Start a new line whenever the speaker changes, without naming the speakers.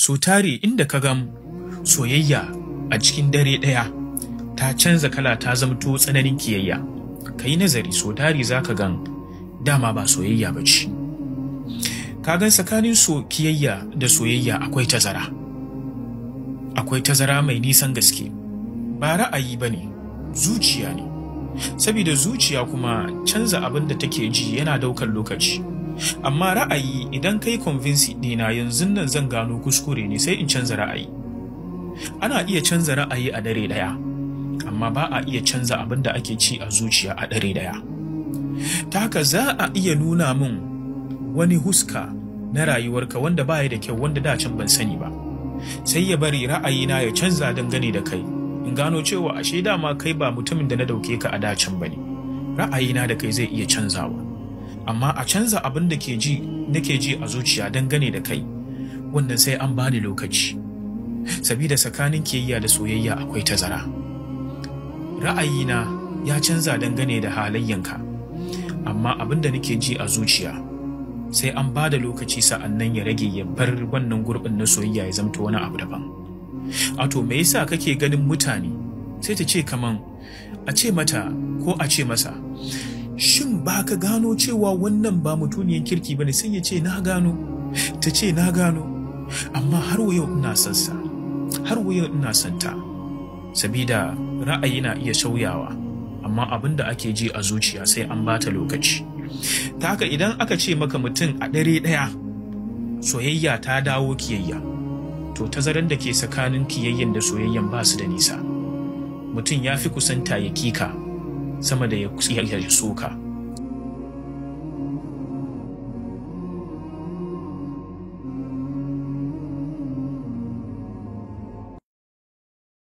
so tare inda ka gamu soyayya a cikin dare ɗaya ta canza kala ta zamto tsananin kiyayya ka yi nazari so tare za ka gan dama ba soyayya ba ce ka gan tsakanin so kiyayya da soyayya akwai tazara akwai tazara mai nisan gaske ba ra'ayi ba ne zuciya ne saboda zuciya kuma canza abin da take ji yana daukar lokaci amma ra'ayi idan kai convince dina yanzu nan zan gano kuskure ne sai in canza ra'ayi ana iya canza ra'ayi a dare daya amma ba a iya canza abin da ake ci a zuciya a dare daya ta haka za a iya nuna min wani huska na rayuwarka wanda baya da kyau wanda da can ban sani ba sai ya bari ra'ayi na ya canza dangane da kai in gano cewa ashe dama kai ba mutumin da na dauke ka a dacin bane na da kai zai iya canzawa amma a canza abin da ke ji nake ji a zuciya dangane da kai wannan sai an bani lokaci sabida tsakanin kiyayya da soyayya akwai tazara ra'ayina ya canza dangane da halayyanka amma abin da nake ji a zuciya sai an ba da lokaci sa'annan ya rage ya bar wannan gurbin na soyayya ya zamanta wani abu daban A to me yasa kake ganin mutane sai ta ce kaman a ce mata ko a ce masa shin ba ka gano cewa wannan ba mutuniyar kirki ba ne sai ya ce na gano ta ce na gano amma har wa ina son sa har wa ina son ta sabida ra'ayi na iya sauyawa amma abin da ake ji a zuciya sai an ba ta lokaci ta haka idan aka ce maka mutum a dare ɗaya soyayya ta dawo kiyayya to tazaran da ke tsakanin kiyayyen da soyayyan ba su da nisa mutum ya fi kusanta ya kika sama da ya soka.